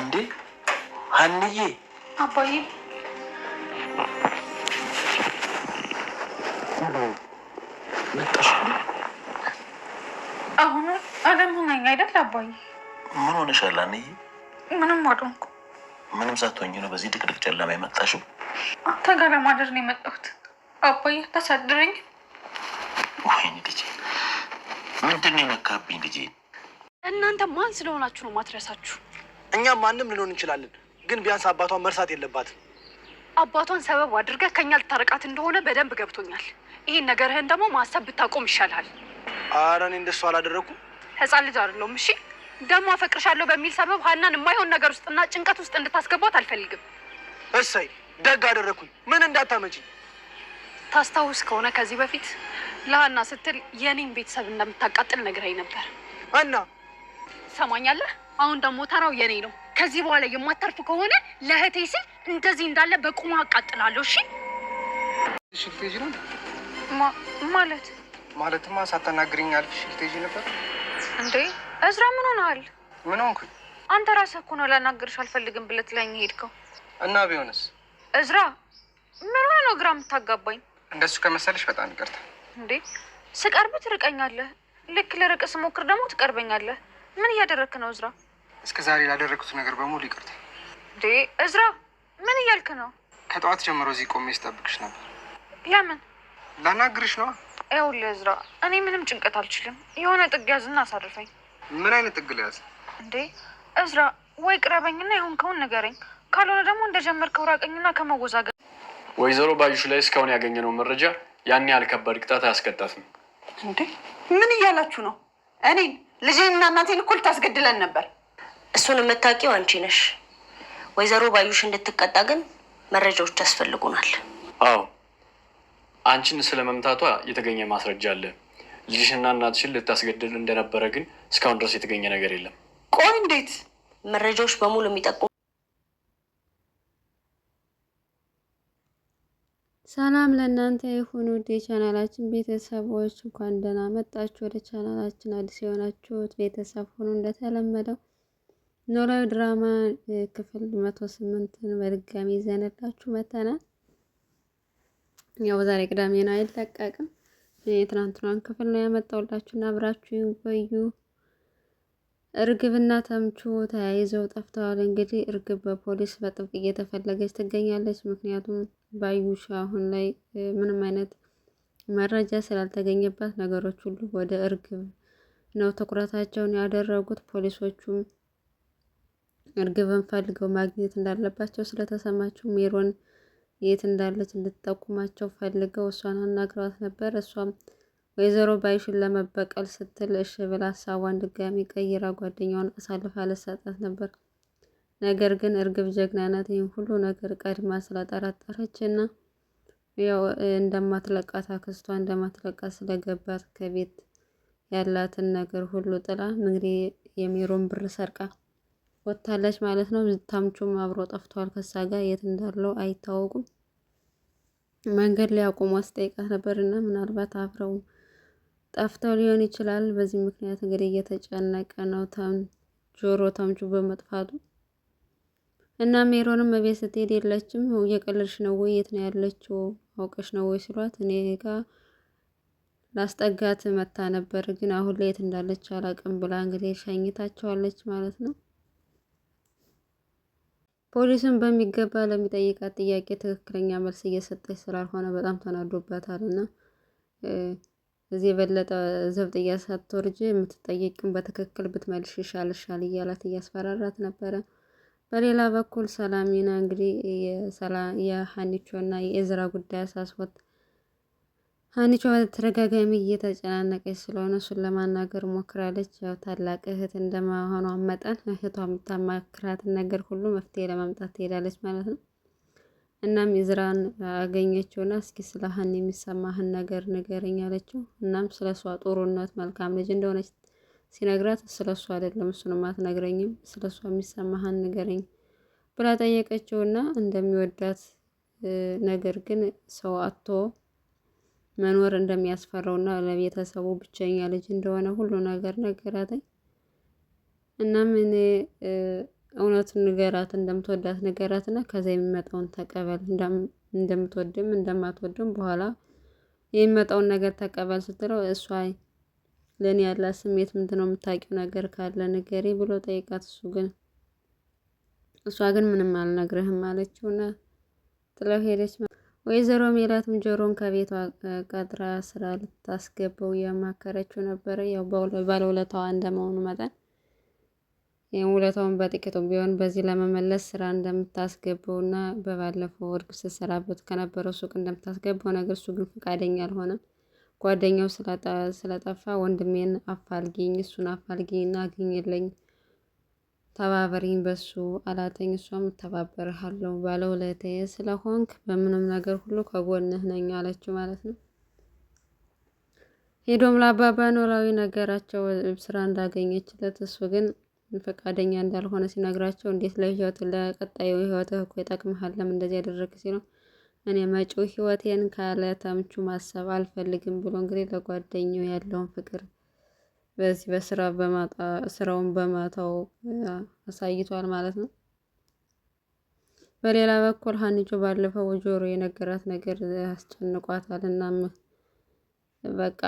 እንዴ ሀንዬ አባዬ መጣሽ? አሁን አለምሆናኝ አይደል አባዬ? ምን ሆነሻል ሀንዬ? ምንም አልሆንኩ። ምንም ሳትሆኝ ነው በዚህ ድቅድቅ ጨለማ የመጣሽው? አንተ ጋር ለማደር ነው የመጣሁት አባዬ። ታሳድረኝ ወይኔ ልጄ ምንድን የነካብኝ ልጄ? እናንተ ማን ስለሆናችሁ ነው ማትረሳችሁ? እኛ ማንም ልንሆን እንችላለን፣ ግን ቢያንስ አባቷን መርሳት የለባትም። አባቷን ሰበብ አድርገህ ከኛ ልታረቃት እንደሆነ በደንብ ገብቶኛል። ይህን ነገርህን ደግሞ ማሰብ ብታቆም ይሻላል። ኧረ እኔ እንደሱ አላደረኩም። ህፃን ልጅ አይደለሁም። እሺ ደግሞ አፈቅርሻለሁ በሚል ሰበብ ሀናን የማይሆን ነገር ውስጥና ጭንቀት ውስጥ እንድታስገባት አልፈልግም። እሰይ ደግ አደረግኩኝ። ምን እንዳታመጪኝ ታስታውስ ከሆነ ከዚህ በፊት ለሀና ስትል የኔን ቤተሰብ እንደምታቃጥል ነግረኝ ነበር። ሀና ሰማኛለህ። አሁን ደግሞ ተራው የኔ ነው። ከዚህ በኋላ የማታርፍ ከሆነ ለእህቴ ሲል እንደዚህ እንዳለ በቁማ አቃጥላለሁ። እሺ ማለት ማለትማ ሳታናግሪኝ አልፍ ሽልቴጅ ነበር እንዴ? እዝራ ምን ሆነሃል? ምን ሆንኩ? አንተ ራስህ እኮ ነው ላናግርሽ አልፈልግም ብለህ ትለኝ ሄድከው እና ቢሆንስ? እዝራ ምን ሆነ ግራ የምታጋባኝ? እንደሱ ከመሰለሽ በጣም ይቅርታ እንዴ ስቀርብ ትርቀኛለህ፣ ልክ ልርቅ ስሞክር ደግሞ ትቀርበኛለህ። ምን እያደረክ ነው እዝራ? እስከ ዛሬ ላደረግኩት ነገር በሙሉ ይቅርታ። እንዴ እዝራ ምን እያልክ ነው? ከጠዋት ጀምሮ እዚህ ቆሜ ስጠብቅሽ ነበር። ለምን? ላናግርሽ ነው? ይኸውልህ እዝራ፣ እኔ ምንም ጭንቀት አልችልም። የሆነ ጥግ ያዝና አሳርፈኝ። ምን አይነት ጥግ ልያዝ? እንዴ እዝራ ወይ ቅረበኝና የሆንከውን ንገረኝ፣ ካልሆነ ደግሞ እንደጀመርከው ራቀኝና ከመወዛገ ወይዘሮ ባዩሽ ላይ እስካሁን ያገኘነው መረጃ ያን ያህል ከባድ ቅጣት አያስቀጣትም። እንዴ ምን እያላችሁ ነው? እኔን ልጄንና እናቴን እኩል ታስገድለን ነበር። እሱን የምታውቂው አንቺ ነሽ። ወይዘሮ ባዩሽ እንድትቀጣ ግን መረጃዎች ያስፈልጉናል። አዎ አንቺን ስለ መምታቷ የተገኘ ማስረጃ አለ። ልጅሽና እናትሽን ልታስገድል እንደነበረ ግን እስካሁን ድረስ የተገኘ ነገር የለም። ቆይ እንዴት? መረጃዎች በሙሉ የሚጠቁ ሰላም ለእናንተ ይሁን ውድ የቻናላችን ቤተሰቦች፣ እንኳን ደህና መጣችሁ። ወደ ቻናላችን አዲስ የሆናችሁት ቤተሰብ ሁኑ። እንደተለመደው ኖላዊ ድራማ ክፍል መቶ ስምንትን በድጋሚ ይዘንላችሁ መተናል። ያው ዛሬ ቅዳሜ ነው አይለቀቅም። የትናንትናን ክፍል ነው ያመጣውላችሁና አብራችሁ ቆዩ። እርግብና ተምቹ ተያይዘው ጠፍተዋል። እንግዲህ እርግብ በፖሊስ በጥብቅ እየተፈለገች ትገኛለች። ምክንያቱም ባዩሽ አሁን ላይ ምንም አይነት መረጃ ስላልተገኘባት ነገሮች ሁሉ ወደ እርግብ ነው ትኩረታቸውን ያደረጉት። ፖሊሶቹም እርግብን ፈልገው ማግኘት እንዳለባቸው ስለተሰማቸው ሜሮን የት እንዳለች እንድትጠቁማቸው ፈልገው እሷን አናግረዋት ነበር። እሷም ወይዘሮ ባይሽን ለመበቀል ስትል እሽ ብላ ሀሳቧን ድጋሚ ቀይራ ጓደኛዋን አሳልፋ ልትሰጣት ነበር። ነገር ግን እርግብ ጀግና ናት። ይህን ሁሉ ነገር ቀድማ ስለጠረጠረች እና ያው እንደማትለቃት አክስቷ እንደማትለቃት ስለገባት ከቤት ያላትን ነገር ሁሉ ጥላ እንግዲህ የሚሮን ብር ሰርቃ ወጥታለች ማለት ነው። ታምቹም አብሮ ጠፍቷል። ከሳ ጋር የት እንዳለው አይታወቁም። መንገድ ላይ አቁሞ አስጠይቃት ነበር እና ምናልባት አብረው ጠፍተው ሊሆን ይችላል። በዚህ ምክንያት እንግዲህ እየተጨነቀ ነው ጆሮ ታምቹ በመጥፋቱ እና ሜሮንም እቤት ስትሄድ የለችም። እየቀለድሽ ነው ወይ? የት ነው ያለችው? አውቀሽ ነው ወይ ስሏት እኔ ጋ ላስጠጋት መታ ነበር፣ ግን አሁን ላይ የት እንዳለች አላቅም ብላ እንግዲህ ሸኝታቸዋለች ማለት ነው። ፖሊሱን በሚገባ ለሚጠይቃት ጥያቄ ትክክለኛ መልስ እየሰጠች ስላልሆነ በጣም ተናዶባታል እና እዚህ የበለጠ ዘብጥያ ሳትወርጅ የምትጠይቅም በትክክል ብትመልሽ ይሻልሻል እያላት እያስፈራራት ነበረ። በሌላ በኩል ሰላሚና እንግዲህ የሀኒቾና የእዝራ ጉዳይ አሳስቦት ሀኒቾ በተደጋጋሚ እየተጨናነቀች ስለሆነ እሱን ለማናገር ሞክራለች። ያው ታላቅ እህት እንደመሆኗ መጠን እህቷ የምታማክራትን ነገር ሁሉ መፍትሄ ለማምጣት ትሄዳለች ማለት ነው። እናም የእዝራን አገኘችውና እስኪ ስለ ሀኒ የሚሰማህን ነገር ንገረኝ አለችው። እናም ስለ እሷ ጥሩነት፣ መልካም ልጅ እንደሆነች ሲነግራት ስለ እሱ አይደለም እሱንም አትነግረኝም ስለ እሷ የሚሰማህን ንገረኝ ብላ ጠየቀችውና እንደሚወዳት ነገር ግን ሰው አቶ መኖር እንደሚያስፈራውና ለቤተሰቡ ብቸኛ ልጅ እንደሆነ ሁሉ ነገር ነገራትኝ። እናም እኔ እውነቱን ንገራት፣ እንደምትወዳት ንገራት እና ከዛ የሚመጣውን ተቀበል፣ እንደምትወድም እንደማትወድም በኋላ የሚመጣውን ነገር ተቀበል ስትለው እሷ ለእኔ ያላት ስሜት ምንድን ነው? የምታውቂው ነገር ካለ ንገሪ ብሎ ጠይቃት። እሱ ግን እሷ ግን ምንም አልነግርህም አለችውና ጥለው ሄደች። ወይዘሮ ሜላትም ጆሮን ከቤቷ ቀጥራ ስራ ልታስገባው እያማከረችው ነበረ። ያው ባለውለታዋ እንደመሆኑ መጠን ይህም ውለታውን በጥቂቱ ቢሆን በዚህ ለመመለስ ስራ እንደምታስገባው እና በባለፈው እርግ ስትሰራበት ከነበረው ሱቅ እንደምታስገባው ነገር እሱ ግን ፈቃደኛ አልሆነም። ጓደኛው ስለጠፋ ወንድሜን አፋልጊኝ እሱን አፋልጊኝ እና አግኝልኝ ተባበሪኝ በሱ አላተኝ እሷም እተባበርሃለሁ ባለውለታዬ ስለሆንክ በምንም ነገር ሁሉ ከጎንህ ነኝ አለችው ማለት ነው። ሄዶም ለአባባ ኖላዊ ነገራቸው ስራ እንዳገኘችለት እሱ ግን ፈቃደኛ እንዳልሆነ ሲነግራቸው እንዴት ለህይወት ለቀጣዩ ህይወት እኮ ይጠቅምሃል ለምን እንደዚህ ያደረግ ሲለው እኔ መጪው ህይወቴን ካለ ተምቹ ማሰብ አልፈልግም ብሎ እንግዲህ ለጓደኛው ያለውን ፍቅር በዚህ በስራ በማጣ ስራውን በማታው አሳይቷል ማለት ነው። በሌላ በኩል ሀኒቾ ባለፈው ጆሮ የነገራት ነገር አስጨንቋታል። እናም በቃ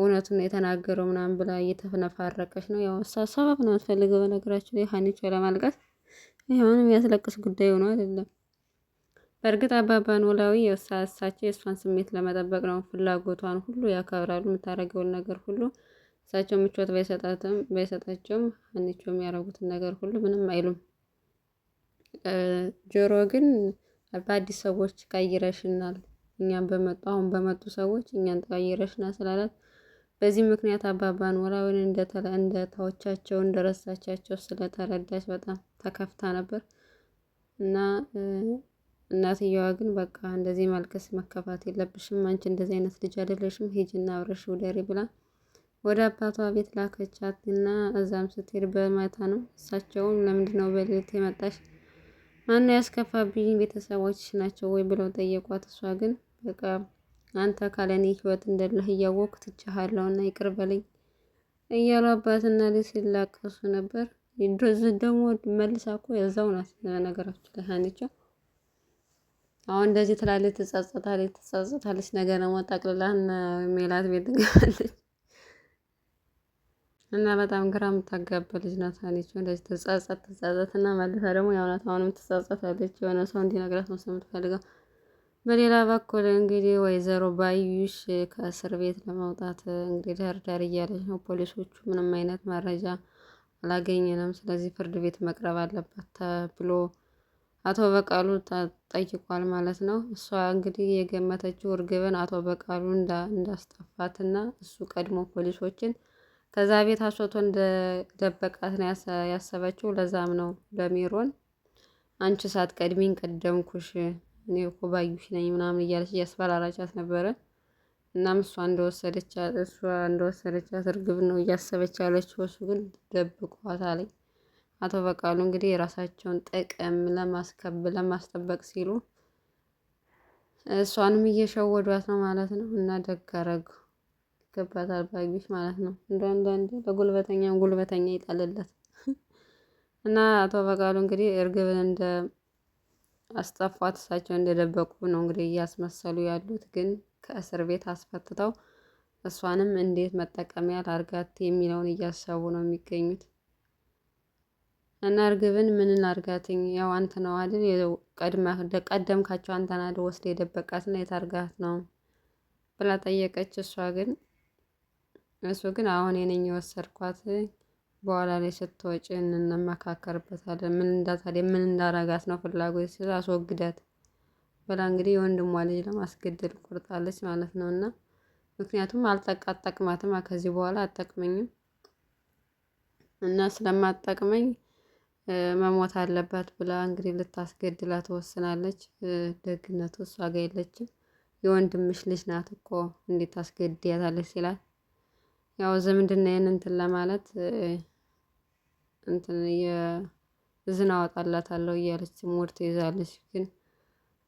እውነቱን የተናገረው ምናምን ብላ እየተነፋረቀች ነው። ያው ሰበብ ነው የምትፈልገው። በነገራችን ላይ ሀኒቾ ለማልቀስ የሚያስለቅስ ጉዳይ ሆኖ አይደለም። በእርግጥ አባባ ኖላዊ እሳቸው የእሷን ስሜት ለመጠበቅ ነው። ፍላጎቷን ሁሉ ያከብራሉ። የምታደርገውን ነገር ሁሉ እሳቸው ምቾት ባይሰጣትም ባይሰጣቸውም አንቺ የሚያደርጉትን ነገር ሁሉ ምንም አይሉም። ጆሮ ግን በአዲስ ሰዎች ቀይረሽናል፣ እኛም በመጡ አሁን በመጡ ሰዎች እኛን ቀይረሽናል ስላላት በዚህ ምክንያት አባባ ኖላዊን እንደተወቻቸው እንደረሳቻቸው ስለተረዳች በጣም ተከፍታ ነበር እና እናትየዋ ግን በቃ እንደዚህ ማልቀስ መከፋት የለብሽም አንቺ እንደዚህ አይነት ልጅ አይደለሽም፣ ሂጂና አብረሽ ውደሪ ብላ ወደ አባቷ ቤት ላከቻት እና እዛም ስትሄድ በማታ ነው። እሳቸውም ለምንድን ነው በሌሊት የመጣሽ? ማነው ያስከፋብኝ? ቤተሰቦች ናቸው ወይ ብለው ጠየቋት። እሷ ግን በቃ አንተ ካለኔ ህይወት እንደለህ እያወቅ ትችሃለሁ እና ይቅር በለኝ እያሉ አባትና ልጅ ሲላቀሱ ነበር። ደግሞ መልሳ እኮ የዛው ናት ነገራችሁ ላይ አሁን እንደዚህ ትላለች፣ ትጸጸታለች፣ ትጸጸታለች። ነገ ደግሞ ጠቅልላህን ሜላት ቤት ትገባለች እና በጣም ግራ የምታጋባ ልጅ ናት። አለች እንደዚህ ትጸጸት ትጸጸት እና መልሳ ደግሞ ያውናት አሁንም ትጸጸታለች። የሆነ ሰው እንዲነግራት ነው የምትፈልገው። በሌላ በኩል እንግዲህ ወይዘሮ ባዩሽ ከእስር ቤት ለመውጣት እንግዲህ ዳርዳር እያለች ነው። ፖሊሶቹ ምንም አይነት መረጃ አላገኘንም፣ ስለዚህ ፍርድ ቤት መቅረብ አለባት ተብሎ አቶ በቃሉ ጠይቋል ማለት ነው። እሷ እንግዲህ የገመተችው እርግብን አቶ በቃሉ እንዳስጠፋትና እሱ ቀድሞ ፖሊሶችን ከዛ ቤት አስወጥቶ እንደደበቃት ነው ያሰበችው። ለዛም ነው ለሚሮን አንቺ ሳትቀድሚኝ ቀደምኩሽ እኔ እኮ ባዩሽ ነኝ ምናምን እያለች እያስፈራራቻት ነበረ። እናም እሷ እንደወሰደቻት እሷ እንደወሰደቻት እርግብ ነው እያሰበች ያለችው፣ እሱ ግን ደብቋት አለኝ። አቶ በቃሉ እንግዲህ የራሳቸውን ጥቅም ለማስከብ ለማስጠበቅ ሲሉ እሷንም እየሸወዷት ነው ማለት ነው። እና ደግ አረጉ ይገባታል ባዩሽ ማለት ነው። እንደ አንዳንዴ ለጉልበተኛ ጉልበተኛ ይጣልለት እና አቶ በቃሉ እንግዲህ እርግብን እንደ አስጠፏት እሳቸው እንደደበቁ ነው እንግዲህ እያስመሰሉ ያሉት ግን ከእስር ቤት አስፈትተው እሷንም እንዴት መጠቀሚያ ላርጋት የሚለውን እያሰቡ ነው የሚገኙት። እና እርግብን ምን ላርጋትኝ? ያው አንተ ነው አይደል ቀድመህ ቀደምካቸው ናድ ወስደ የደበቃት የደበቃትና የታርጋት ነው ብላ ጠየቀች። እሷ ግን እሱ ግን አሁን የነኝ የወሰድኳት በኋላ ላይ ስትወጪ እንመካከርበታለን። ምን እንዳታለ ምን እንዳረጋት ነው ፍላጎት ስለ አስወግዳት ብላ እንግዲህ የወንድሟ ልጅ ለማስገድል ቆርጣለች ማለት ነው። እና ምክንያቱም አልጠቃ ከዚህ በኋላ አጠቅመኝም እና ስለማጠቅመኝ መሞት አለባት ብላ እንግዲህ ልታስገድላ ትወስናለች። ደግነቱ እሷ ጋ የለችም። የወንድምሽ ልጅ ናት እኮ እንዴት ታስገድያታለች ሲላል ያው ዝምድና ይህን እንትን ለማለት እንትን እዝን አወጣላታለሁ እያለች ሙድ ትይዛለች። ግን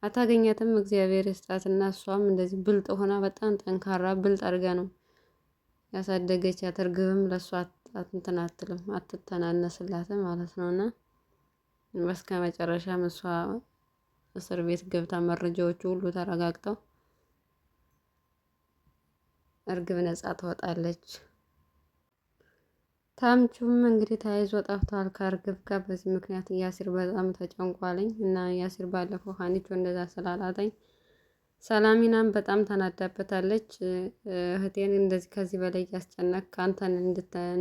አታገኛትም። እግዚአብሔር ስጣትና እሷም እንደዚህ ብልጥ ሆና በጣም ጠንካራ ብልጥ አድርጋ ነው ያሳደገች። ያተርግብም ለእሷ እንትን አትልም አትተናነስላትም ማለት ነው። እና በስከ መጨረሻም እሷ እስር ቤት ገብታ መረጃዎቹ ሁሉ ተረጋግጠው እርግብ ነጻ ትወጣለች። ታምቹም እንግዲህ ተያይዞ ጠፍቷል ከእርግብ ጋር። በዚህ ምክንያት ያሲር በጣም ተጨንቋለኝ እና ያሲር ባለፈው ሀኒቾ እንደዛ ስላላተኝ ሰላሚናም በጣም ተናዳበታለች። እህቴን እንደዚህ ከዚህ በላይ እያስጨነቅ ከአንተን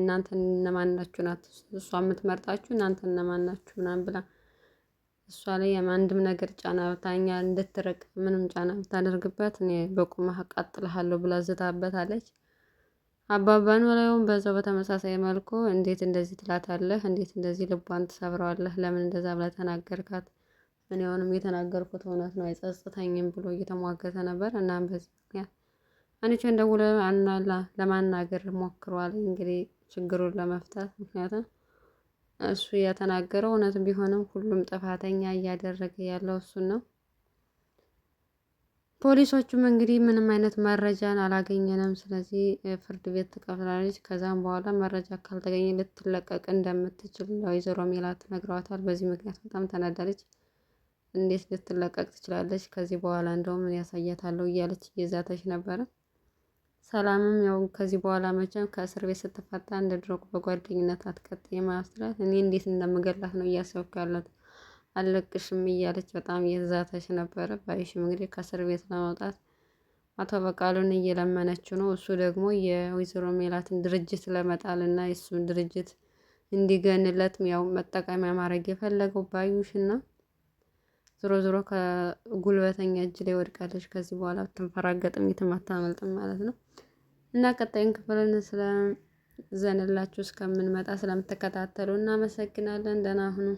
እናንተን እነማናችሁ ናት እሷ የምትመርጣችሁ እናንተን እነማናችሁ ናችሁ ምናምን ብላ እሷ ላይ የማንድም ነገር ጫና ብታኛ እንድትርቅ ምንም ጫና ብታደርግበት እኔ በቁማህ አቃጥልሃለሁ ብላ ዝታበታለች። አባባን ወላዩም በዛው በተመሳሳይ መልኩ እንዴት እንደዚህ ትላታለህ? እንዴት እንደዚህ ልቧን ትሰብረዋለህ? ለምን እንደዛ ብላ ተናገርካት? እኔ አሁንም የተናገርኩት እውነት ነው አይጸጽተኝም ብሎ እየተሟገተ ነበር። እናም በዚህ ምክንያት አንቺን ደውሎ ለማናገር ሞክሯል። እንግዲህ ችግሩን ለመፍታት ምክንያቱም እሱ የተናገረው እውነት ቢሆንም ሁሉም ጥፋተኛ እያደረገ ያለው እሱን ነው። ፖሊሶቹም እንግዲህ ምንም አይነት መረጃን አላገኘንም፣ ስለዚህ ፍርድ ቤት ትቀፍላለች። ከዛም በኋላ መረጃ ካልተገኘ ልትለቀቅ እንደምትችል ወይዘሮ ሜላት ነግረዋታል። በዚህ ምክንያት በጣም ተናዳለች። እንዴት ልትለቀቅ ትችላለች? ከዚህ በኋላ እንደውም ምን ያሳያታለሁ እያለች እየዛተች ነበረ። ሰላምም ያው ከዚህ በኋላ መቼም ከእስር ቤት ስትፈታ እንደ ድሮ በጓደኝነት አትቀጥይም ማለት እኔ እንዴት እንደምገላት ነው እያሰብኩ ያለት አለቅሽም እያለች በጣም እየዛተች ነበረ። ባዩሽም እንግዲህ ከእስር ቤት ለመውጣት አቶ በቃሉን እየለመነችው ነው። እሱ ደግሞ የወይዘሮ ሜላትን ድርጅት ለመጣል እና የእሱን ድርጅት እንዲገንለት ያው መጠቀሚያ ማድረግ የፈለገው ባዩሽና ዞሮ ዞሮ ከጉልበተኛ እጅ ላይ ወድቃለች። ከዚህ በኋላ ትንፈራገጥም የትም አታመልጥም ማለት ነው እና ቀጣዩን ክፍልን ስለዘንላችሁ እስከምንመጣ ስለምትከታተሉ እናመሰግናለን። ደህና ሁኑ።